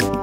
you.